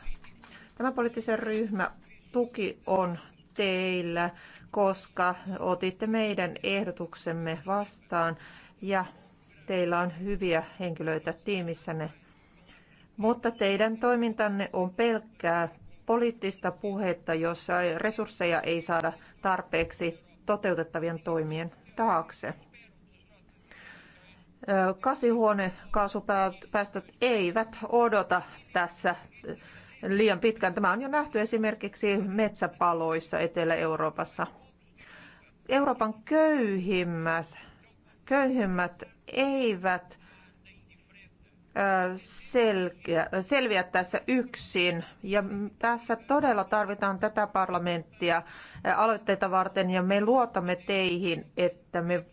Tämä poliittisen ryhmä tuki on teillä, koska otitte meidän ehdotuksemme vastaan ja teillä on hyviä henkilöitä tiimissänne. Mutta teidän toimintanne on pelkkää poliittista puhetta, jossa resursseja ei saada tarpeeksi toteutettavien toimien taakse. Kasvihuonekaasupäästöt eivät odota tässä liian pitkään. Tämä on jo nähty esimerkiksi metsäpaloissa Etelä-Euroopassa. Euroopan köyhimmät, köyhimmät eivät selkeä, selviä tässä yksin. Ja tässä todella tarvitaan tätä parlamenttia aloitteita varten ja me luotamme teihin, että me,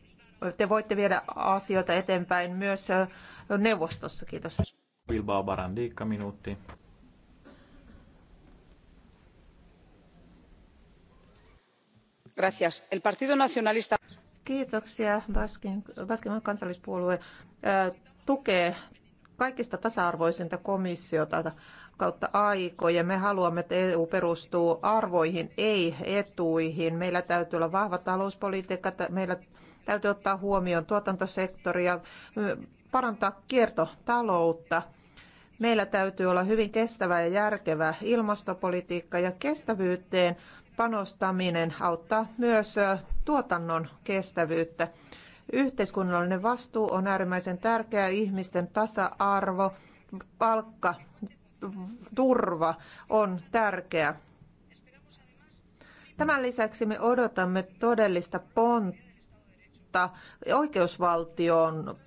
te voitte viedä asioita eteenpäin myös neuvostossa. Kiitos. Bilbao Barandiikka, minuutti. Gracias. El Partido Nacionalista. Kiitoksia. Baskin, Baskimaan kansallispuolue tukee kaikista tasa-arvoisinta komissiota kautta aikoja. Me haluamme, että EU perustuu arvoihin, ei etuihin. Meillä täytyy olla vahva talouspolitiikka, meillä täytyy ottaa huomioon tuotantosektoria, parantaa kiertotaloutta. Meillä täytyy olla hyvin kestävä ja järkevä ilmastopolitiikka ja kestävyyteen panostaminen auttaa myös tuotannon kestävyyttä. Yhteiskunnallinen vastuu on äärimmäisen tärkeä ihmisten tasa-arvo, palkka, turva on tärkeä. Tämän lisäksi me odotamme todellista pontta oikeusvaltion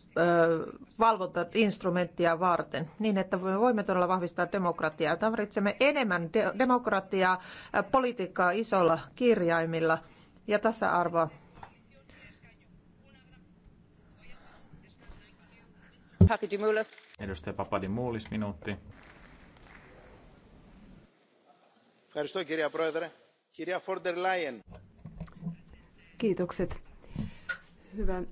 valvontainstrumenttia varten, niin että me voimme todella vahvistaa demokratiaa. Tarvitsemme enemmän demokratiaa, politiikkaa isolla kirjaimilla ja tasa-arvoa. Papadimoulis. Edustaja Papadimoulis, minuutti. Kiitokset. Hyvä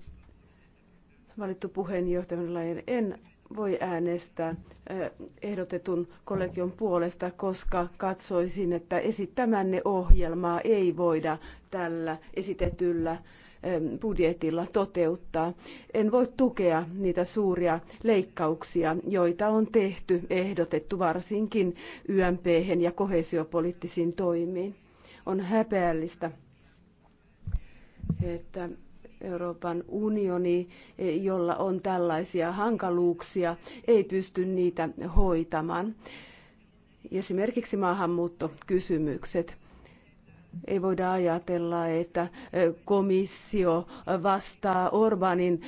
valittu puheenjohtaja En voi äänestää eh, ehdotetun kollegion puolesta, koska katsoisin, että esittämänne ohjelmaa ei voida tällä esitetyllä Ähm, budjetilla toteuttaa. En voi tukea niitä suuria leikkauksia, joita on tehty, ehdotettu varsinkin YMP ja kohesiopoliittisiin toimiin. On häpeällistä, että Euroopan unioni, jolla on tällaisia hankaluuksia, ei pysty niitä hoitamaan. Esimerkiksi maahanmuuttokysymykset ei voida ajatella, että komissio vastaa Orbanin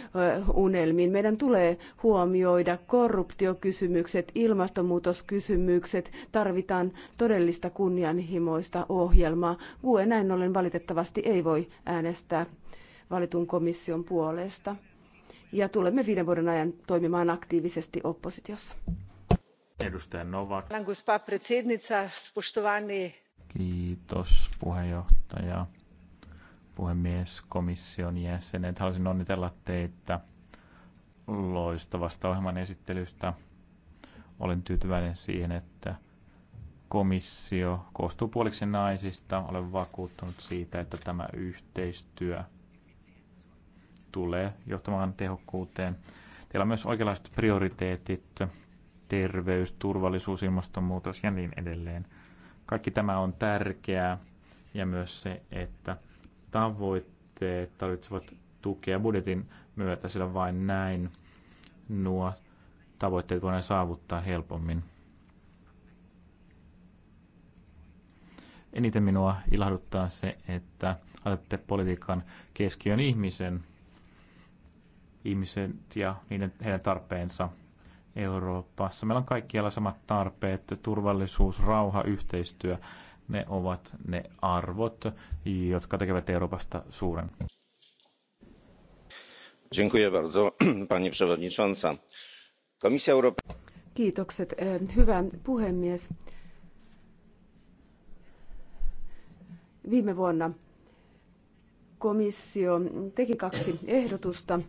unelmiin. Meidän tulee huomioida korruptiokysymykset, ilmastonmuutoskysymykset. Tarvitaan todellista kunnianhimoista ohjelmaa. UE näin ollen valitettavasti ei voi äänestää valitun komission puolesta. Ja tulemme viiden vuoden ajan toimimaan aktiivisesti oppositiossa. Edustaja Novak. Kiitos. Kiitos puheenjohtaja, puhemies, komission jäsenet. Haluaisin onnitella teitä loistavasta ohjelman esittelystä. Olen tyytyväinen siihen, että komissio koostuu puoliksi naisista. Olen vakuuttunut siitä, että tämä yhteistyö tulee johtamaan tehokkuuteen. Teillä on myös oikeanlaiset prioriteetit, terveys, turvallisuus, ilmastonmuutos ja niin edelleen – kaikki tämä on tärkeää ja myös se, että tavoitteet tarvitsevat tukea budjetin myötä, sillä vain näin nuo tavoitteet voidaan saavuttaa helpommin. Eniten minua ilahduttaa se, että asette politiikan keskiön ihmisen, ihmiset ja niiden, heidän tarpeensa Euroopassa. Meillä on kaikkialla samat tarpeet, turvallisuus, rauha, yhteistyö. Ne ovat ne arvot, jotka tekevät Euroopasta suuren. Dziękuję bardzo, pani przewodnicząca. Komisja Kiitokset, e, hyvä puhemies. Viime vuonna komissio teki kaksi ehdotusta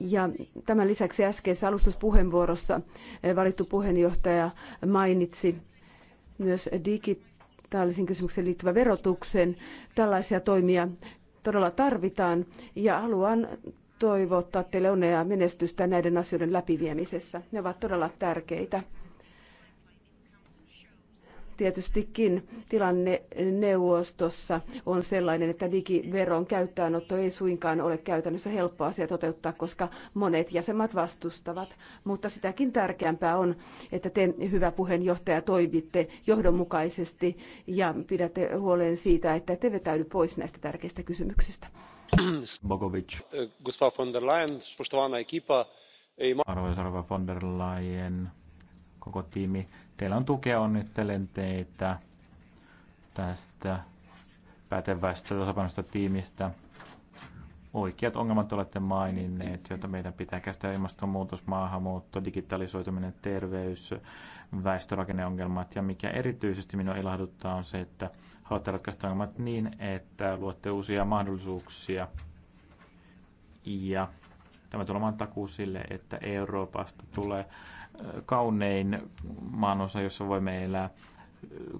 Ja tämän lisäksi äskeisessä alustuspuheenvuorossa eh, valittu puheenjohtaja mainitsi myös digitaalisen kysymyksen liittyvän verotuksen. Tällaisia toimia todella tarvitaan ja haluan toivottaa teille onnea ja menestystä näiden asioiden läpiviemisessä. Ne ovat todella tärkeitä Tietystikin tilanne neuvostossa on sellainen, että digiveron käyttöönotto ei suinkaan ole käytännössä helppo asia toteuttaa, koska monet jäsenmaat vastustavat. Mutta sitäkin tärkeämpää on, että te, hyvä puheenjohtaja, toimitte johdonmukaisesti ja pidätte huolen siitä, että te vetäydy pois näistä tärkeistä kysymyksistä. Bogovic. Gustav von der Leyen, ekipa. Arvoisa rouva von der Leyen, koko tiimi, Teillä on tukea, onnittelen teitä tästä pätevästä tasapainosta tiimistä. Oikeat ongelmat olette maininneet, joita meidän pitää käsitellä ilmastonmuutos, maahanmuutto, digitalisoituminen, terveys, väestörakenneongelmat. Ja mikä erityisesti minua ilahduttaa on se, että haluatte ratkaista ongelmat niin, että luotte uusia mahdollisuuksia. Ja tämä tulee takuu sille, että Euroopasta tulee kaunein maanosa, jossa voimme elää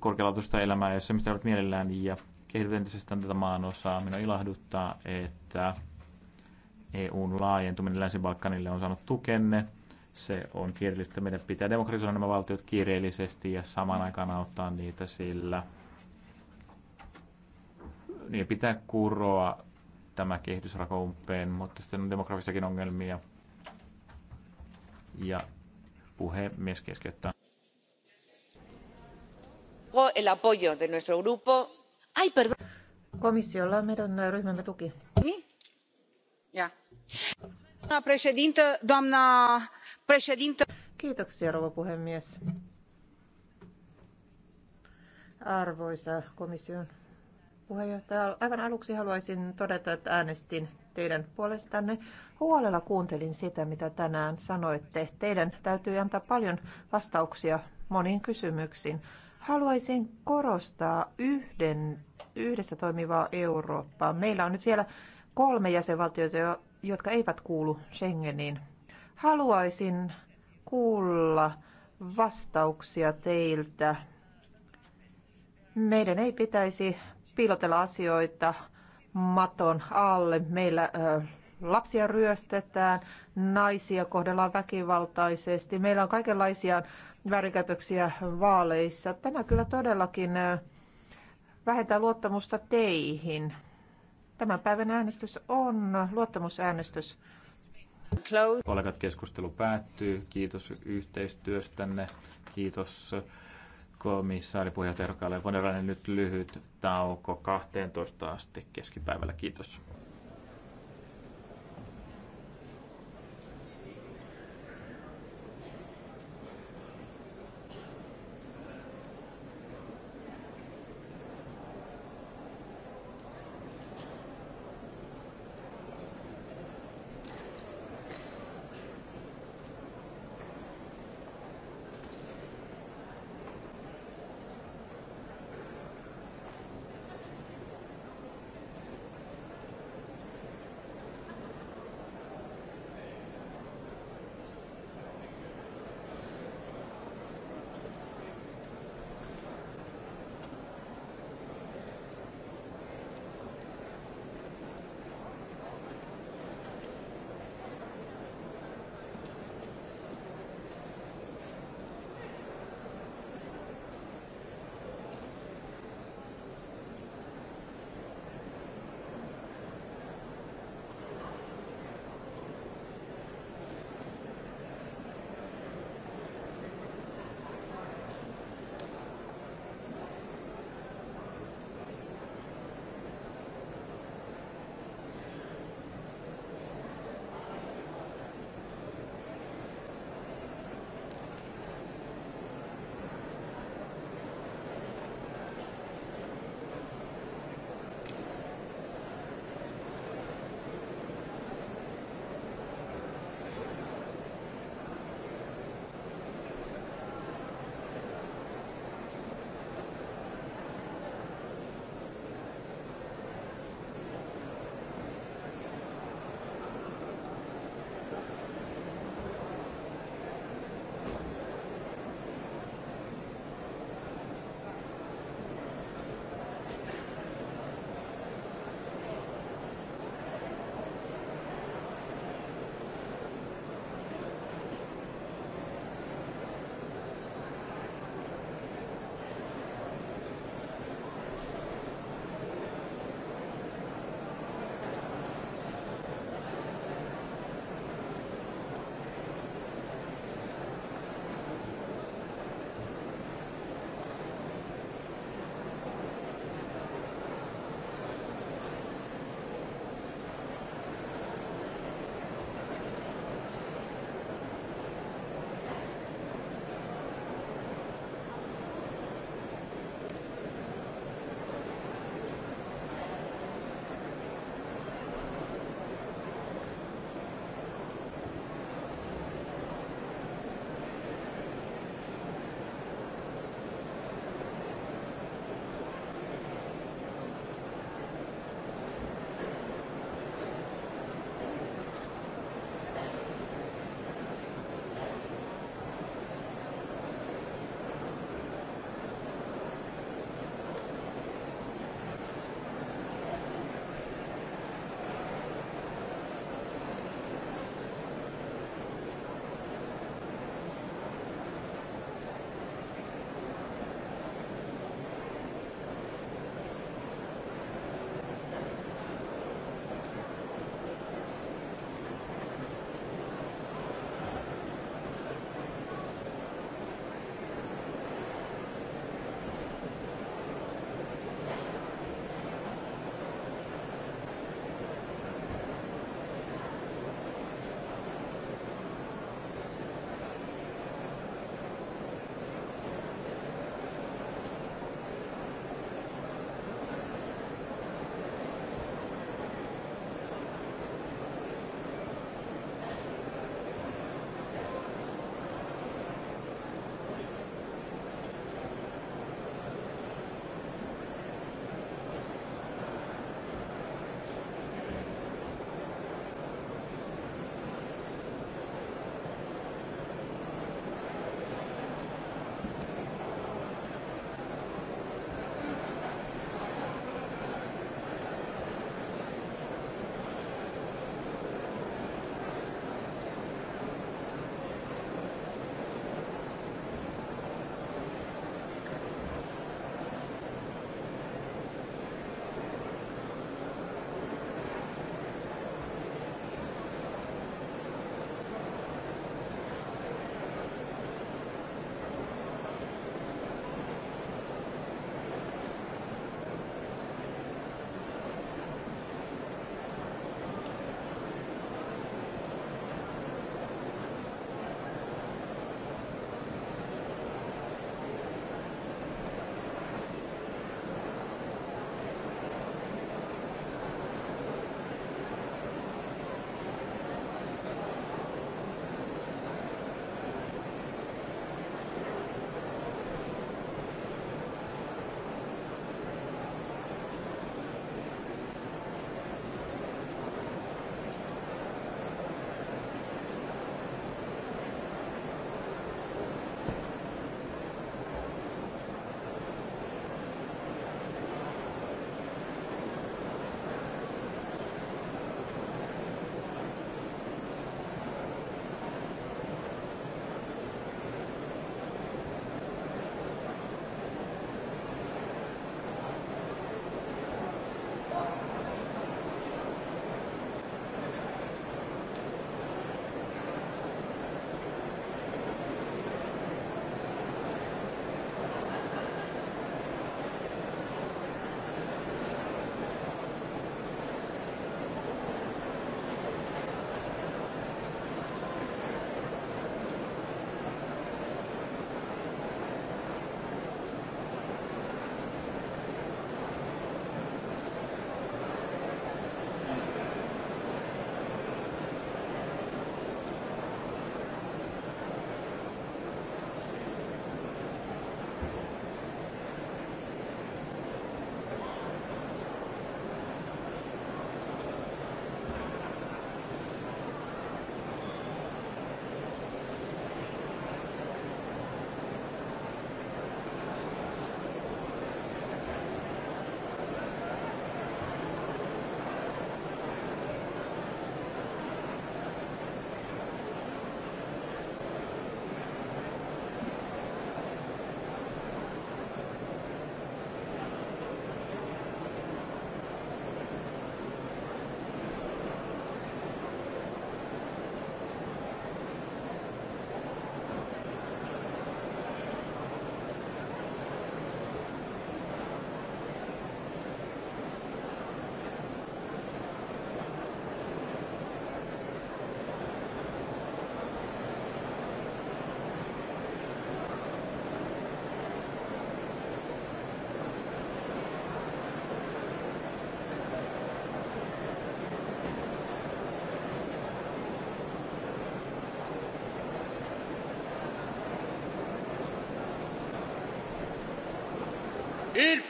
korkealaatuista elämää, jos mistä olet mielellään ja kehität entisestään tätä maanosaa. Minua ilahduttaa, että EUn laajentuminen Länsi-Balkanille on saanut tukenne. Se on kiireellistä. Meidän pitää demokratisoida nämä valtiot kiireellisesti ja samaan aikaan auttaa niitä sillä. Niin pitää kuroa tämä kehitysrako umpeen, mutta sitten on demografisiakin ongelmia. Ja Puhemies keskeyttää. El apoyo de nuestro grupo. Komissiolla on meidän ryhmämme tuki. Kiitoksia, rouva puhemies. Arvoisa komission puheenjohtaja. Aivan aluksi haluaisin todeta, että äänestin teidän puolestanne. Huolella kuuntelin sitä, mitä tänään sanoitte. Teidän täytyy antaa paljon vastauksia moniin kysymyksiin. Haluaisin korostaa yhden, yhdessä toimivaa Eurooppaa. Meillä on nyt vielä kolme jäsenvaltiota, jotka eivät kuulu Schengeniin. Haluaisin kuulla vastauksia teiltä. Meidän ei pitäisi piilotella asioita maton alle. Meillä lapsia ryöstetään, naisia kohdellaan väkivaltaisesti. Meillä on kaikenlaisia värikätöksiä vaaleissa. Tämä kyllä todellakin vähentää luottamusta teihin. Tämän päivän äänestys on luottamusäänestys. Kollegat, keskustelu päättyy. Kiitos yhteistyöstänne. Kiitos komissaaripuheenjohtaja Erkaalle. Voidaan nyt lyhyt tauko 12 asti keskipäivällä. Kiitos.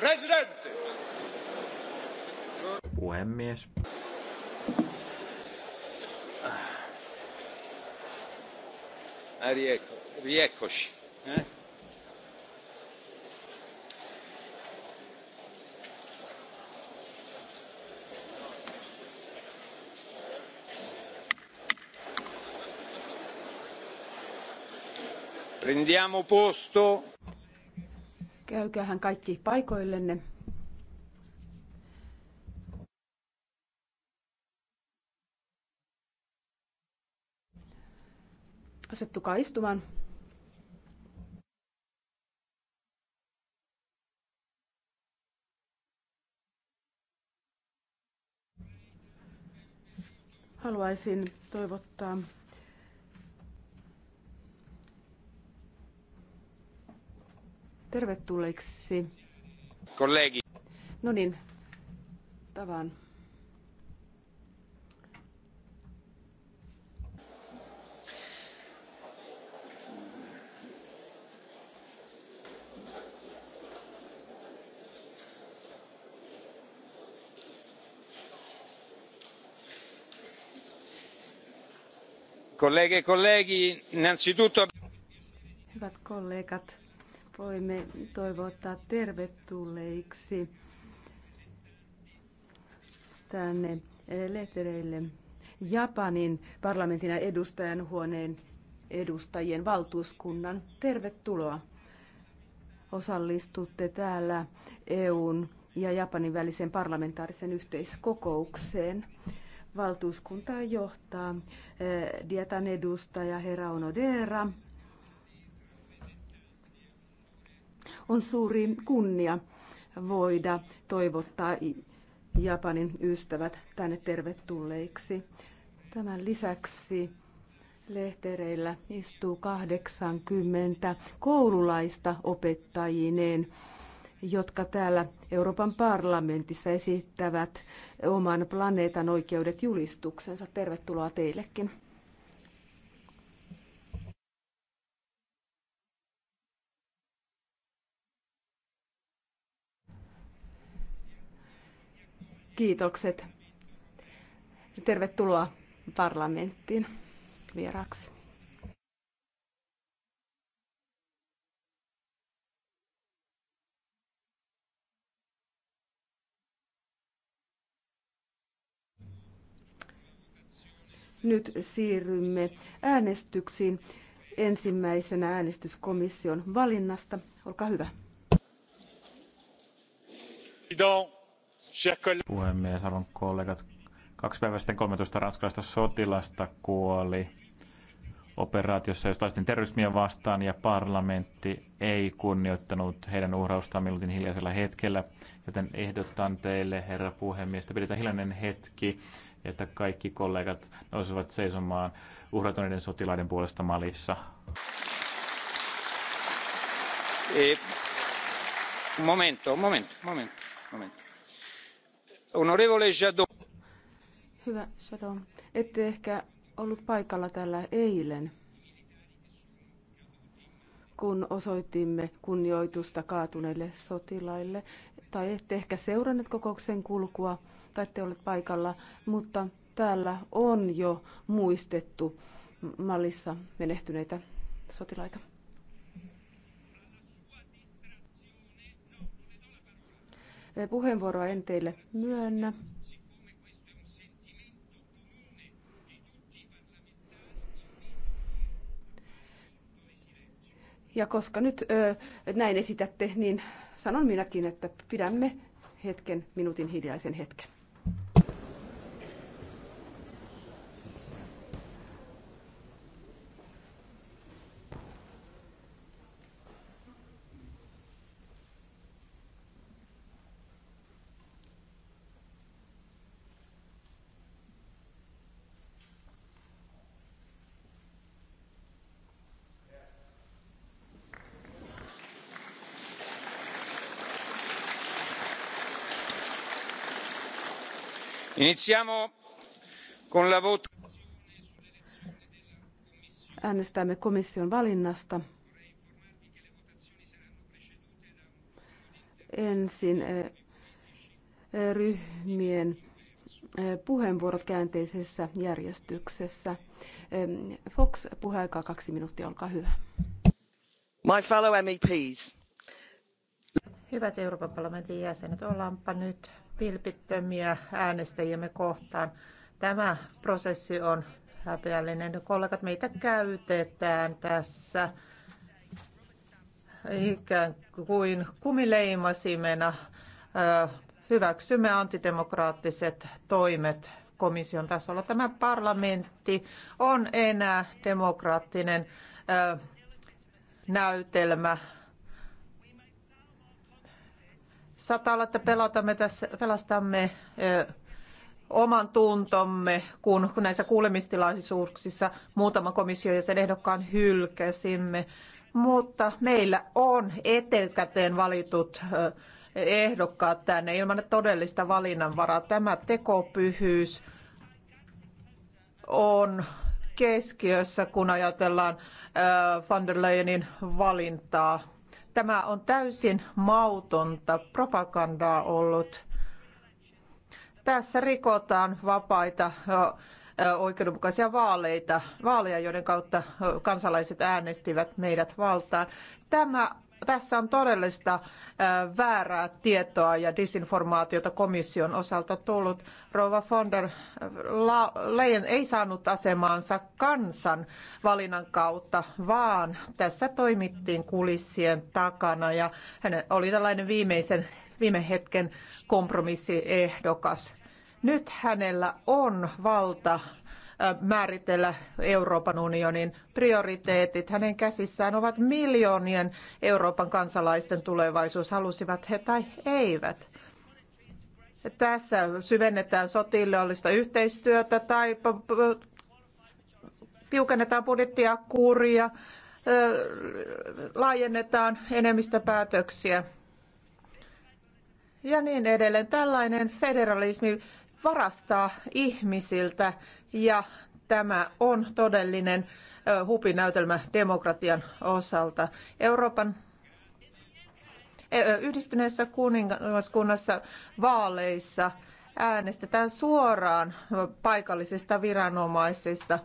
presidentti! Puhemies. Ah. Ah, riecco, rieccoci. Eh? Prendiamo posto. Käyköhän kaikki paikoillenne. Asettukaa istumaan. Haluaisin toivottaa Tervetulleeksi. Kollegi. No niin, tavan. Colleghe kollegi, innanzitutto... Hyvät kollegat, voimme toivottaa tervetulleiksi tänne lehtereille Japanin parlamentin ja huoneen edustajien valtuuskunnan. Tervetuloa. Osallistutte täällä EUn ja Japanin väliseen parlamentaarisen yhteiskokoukseen. Valtuuskuntaa johtaa eh, Dietan edustaja Hera Onodera. On suuri kunnia voida toivottaa Japanin ystävät tänne tervetulleiksi. Tämän lisäksi lehtereillä istuu 80 koululaista opettajineen, jotka täällä Euroopan parlamentissa esittävät oman planeetan oikeudet julistuksensa. Tervetuloa teillekin. kiitokset. Tervetuloa parlamenttiin vieraaksi. Nyt siirrymme äänestyksiin. Ensimmäisenä äänestyskomission valinnasta. Olkaa hyvä. President Puhemies, arvon kollegat. Kaksi päivää sitten 13 ranskalaista sotilasta kuoli operaatiossa, jossa taistin terrorismia vastaan ja parlamentti ei kunnioittanut heidän uhraustaan minuutin hiljaisella hetkellä. Joten ehdotan teille, herra puhemies, että pidetään hiljainen hetki, että kaikki kollegat nousevat seisomaan uhratuneiden sotilaiden puolesta Malissa. Eh, momento, momento, momento, momento. Hyvä Jadot. Ette ehkä ollut paikalla tällä eilen, kun osoitimme kunnioitusta kaatuneille sotilaille. Tai ette ehkä seuranneet kokouksen kulkua, tai ette olleet paikalla, mutta täällä on jo muistettu Malissa menehtyneitä sotilaita. Puheenvuoroa en teille myönnä. Ja koska nyt ö, näin esitätte, niin sanon minäkin, että pidämme hetken, minuutin hiljaisen hetken. Iniziamo con Äänestämme komission valinnasta. Ensin eh, eh, ryhmien eh, puheenvuorot käänteisessä järjestyksessä. Fox, puheaikaa kaksi minuuttia, olkaa hyvä. My fellow MEPs. Hyvät Euroopan parlamentin jäsenet, ollaanpa nyt vilpittömiä äänestäjiämme kohtaan. Tämä prosessi on häpeällinen. Kollegat, meitä käytetään tässä ikään kuin kumileimasimena. Hyväksymme antidemokraattiset toimet komission tasolla. Tämä parlamentti on enää demokraattinen näytelmä Saattaa olla, että pelotamme tässä, pelastamme oman tuntomme, kun näissä kuulemistilaisuuksissa muutama komissio ja sen ehdokkaan hylkäsimme. Mutta meillä on etelkäteen valitut ehdokkaat tänne ilman todellista valinnanvaraa. Tämä tekopyhyys on keskiössä, kun ajatellaan van der Leyenin valintaa Tämä on täysin mautonta propagandaa ollut. Tässä rikotaan vapaita oikeudenmukaisia vaaleita, vaaleja, joiden kautta kansalaiset äänestivät meidät valtaan. Tämä tässä on todellista äh, väärää tietoa ja disinformaatiota komission osalta tullut. Rova von der äh, Leyen ei saanut asemaansa kansan valinnan kautta, vaan tässä toimittiin kulissien takana ja hän oli tällainen viimeisen, viime hetken kompromissiehdokas. Nyt hänellä on valta määritellä Euroopan unionin prioriteetit. Hänen käsissään ovat miljoonien Euroopan kansalaisten tulevaisuus, halusivat he tai eivät. Tässä syvennetään sotilaallista yhteistyötä tai tiukennetaan budjettia kuria, laajennetaan enemmistöpäätöksiä ja niin edelleen. Tällainen federalismi varastaa ihmisiltä ja tämä on todellinen hupinäytelmä demokratian osalta. Euroopan e, yhdistyneessä kuningaskunnassa vaaleissa äänestetään suoraan paikallisista viranomaisista.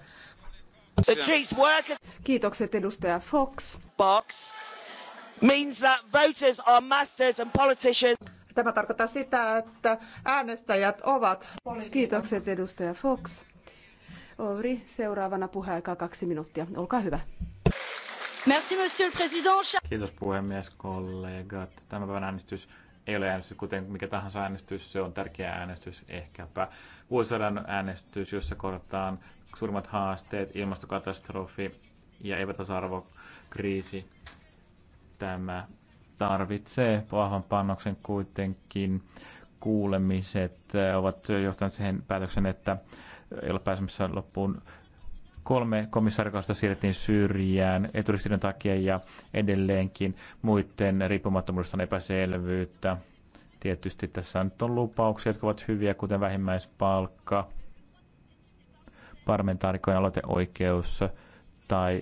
Kiitokset edustaja Fox. Box means that voters are masters and politicians. Tämä tarkoittaa sitä, että äänestäjät ovat... Kiitokset edustaja Fox. Ovri, seuraavana puheaikaa kaksi minuuttia. Olkaa hyvä. Merci, monsieur le président. Kiitos puhemies, kollegat. Tämän päivän äänestys ei ole äänestys, kuten mikä tahansa äänestys, se on tärkeä äänestys ehkäpä. Vuosisadan äänestys, jossa kohdataan suurimmat haasteet, ilmastokatastrofi ja epätasa-arvokriisi. Tämä tarvitsee vahvan panoksen kuitenkin. Kuulemiset ovat johtaneet siihen päätöksen, että ei ole pääsemässä loppuun. Kolme komissaarikausta siirrettiin syrjään eturistiden takia ja edelleenkin muiden riippumattomuudesta on epäselvyyttä. Tietysti tässä nyt on lupauksia, jotka ovat hyviä, kuten vähimmäispalkka, parlamentaarikojen aloiteoikeus tai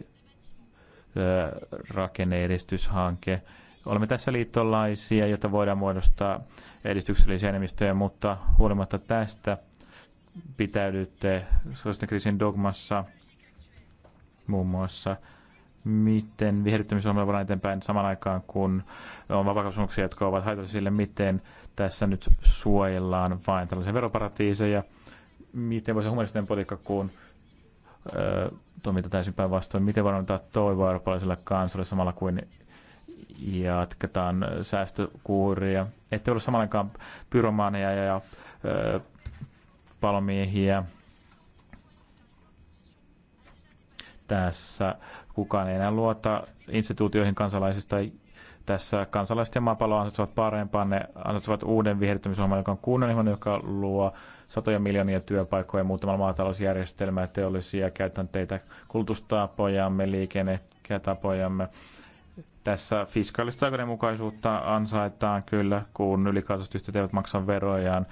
rakenneedistyshanke. Olemme tässä liittolaisia, jota voidaan muodostaa edistyksellisiä enemmistöjä, mutta huolimatta tästä pitäydytte sosiaalisen kriisin dogmassa muun muassa, miten viherryttämisohjelmalla voidaan eteenpäin samaan aikaan, kun on vapaakaupunuksia, jotka ovat haitallisia sille, miten tässä nyt suojellaan vain tällaisia veroparatiiseja, miten voisi humanistinen politiikka, kun öö, toiminta täysin päinvastoin, miten voidaan antaa toivoa eurooppalaiselle kansalle samalla kuin jatketaan säästökuuria. Ette ole aikaan pyromaaneja ja, ja öö, palomiehiä. Tässä kukaan ei enää luota instituutioihin kansalaisista. Tässä kansalaiset ja maapallo ansaitsevat parempaan. Ne ansaitsevat uuden viherryttämisohjelman, joka on kunnianhimoinen, joka luo satoja miljoonia työpaikkoja, muutamalla maatalousjärjestelmää, teollisia käytänteitä, kulutustapojamme, liikennetapojamme tässä fiskaalista oikeudenmukaisuutta ansaitaan kyllä, kun ylikansallisesti eivät maksa verojaan.